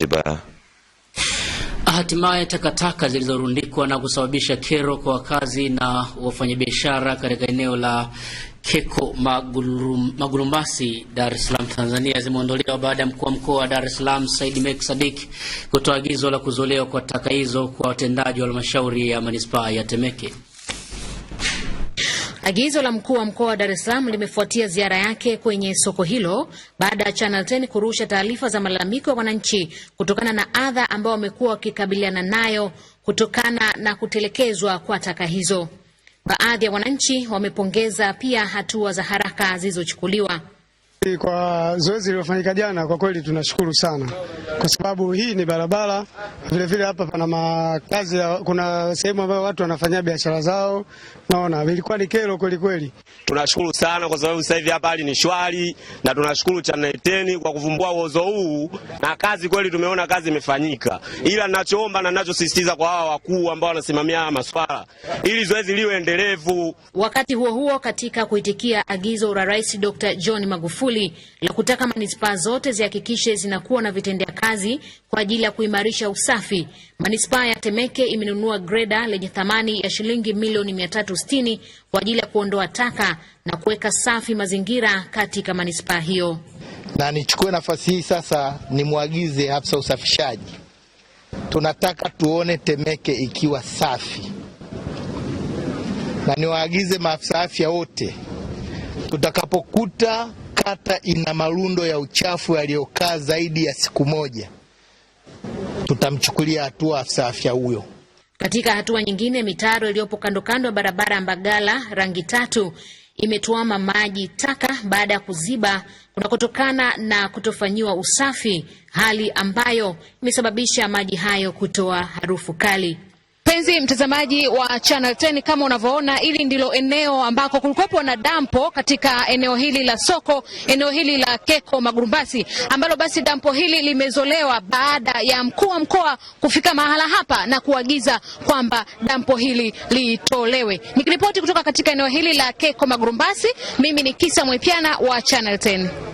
Zanzibar. Hatimaye takataka zilizorundikwa na kusababisha kero kwa wakazi na wafanyabiashara katika eneo la Keko Magurum, Magurumasi, Dar es Salaam, Tanzania zimeondolewa baada ya mkuu wa mkoa wa Dar es Salaam Said Mek Sadik kutoa agizo la kuzolewa kwa taka hizo kwa watendaji wa halmashauri ya manispaa ya Temeke. Agizo la mkuu wa mkoa wa Dar es Salaam limefuatia ziara yake kwenye soko hilo baada ya Channel 10 kurusha taarifa za malalamiko ya wananchi kutokana na adha ambao wamekuwa wakikabiliana nayo kutokana na kutelekezwa kwa taka hizo. Baadhi ya wananchi wamepongeza pia hatua za haraka zilizochukuliwa. Kwa zoezi lililofanyika jana, kwa kweli tunashukuru sana, kwa sababu hii ni barabara vilevile. Vile hapa pana makazi ya, kuna sehemu ambayo watu wanafanyia biashara zao, naona ilikuwa ni kero kweli kweli. Tunashukuru sana kwa sababu sasa hivi hapa hali ni shwari, na tunashukuru Channel 10 kwa kuvumbua uozo huu, na kazi kweli tumeona kazi imefanyika, ila ninachoomba na ninachosisitiza kwa hawa wakuu ambao wanasimamia haya maswala, ili zoezi liwe endelevu. Wakati huo huo, katika kuitikia agizo la Rais Dr. John Magufuli hili la kutaka manispaa zote zihakikishe zinakuwa na vitendea kazi kwa ajili ya kuimarisha usafi, manispaa ya Temeke imenunua greda lenye thamani ya shilingi milioni 360 kwa ajili ya kuondoa taka na kuweka safi mazingira katika manispaa hiyo. Na nichukue nafasi hii sasa nimwagize afisa usafishaji, tunataka tuone Temeke ikiwa safi, na niwaagize maafisa afya wote tutakapokuta kata ina marundo ya uchafu yaliyokaa zaidi ya siku moja, tutamchukulia hatua afisa afya huyo. Katika hatua nyingine, mitaro iliyopo kando kando ya barabara ya Mbagala rangi tatu imetuama maji taka baada ya kuziba kunakotokana na kutofanyiwa usafi, hali ambayo imesababisha maji hayo kutoa harufu kali. Mpenzi mtazamaji wa Channel 10, kama unavyoona hili ndilo eneo ambako kulikuwepo na dampo katika eneo hili la soko, eneo hili la Keko Magurumbasi, ambalo basi dampo hili limezolewa baada ya mkuu wa mkoa kufika mahala hapa na kuagiza kwamba dampo hili litolewe. Nikiripoti kutoka katika eneo hili la Keko Magurumbasi, mimi ni Kisa Mwepiana wa Channel 10.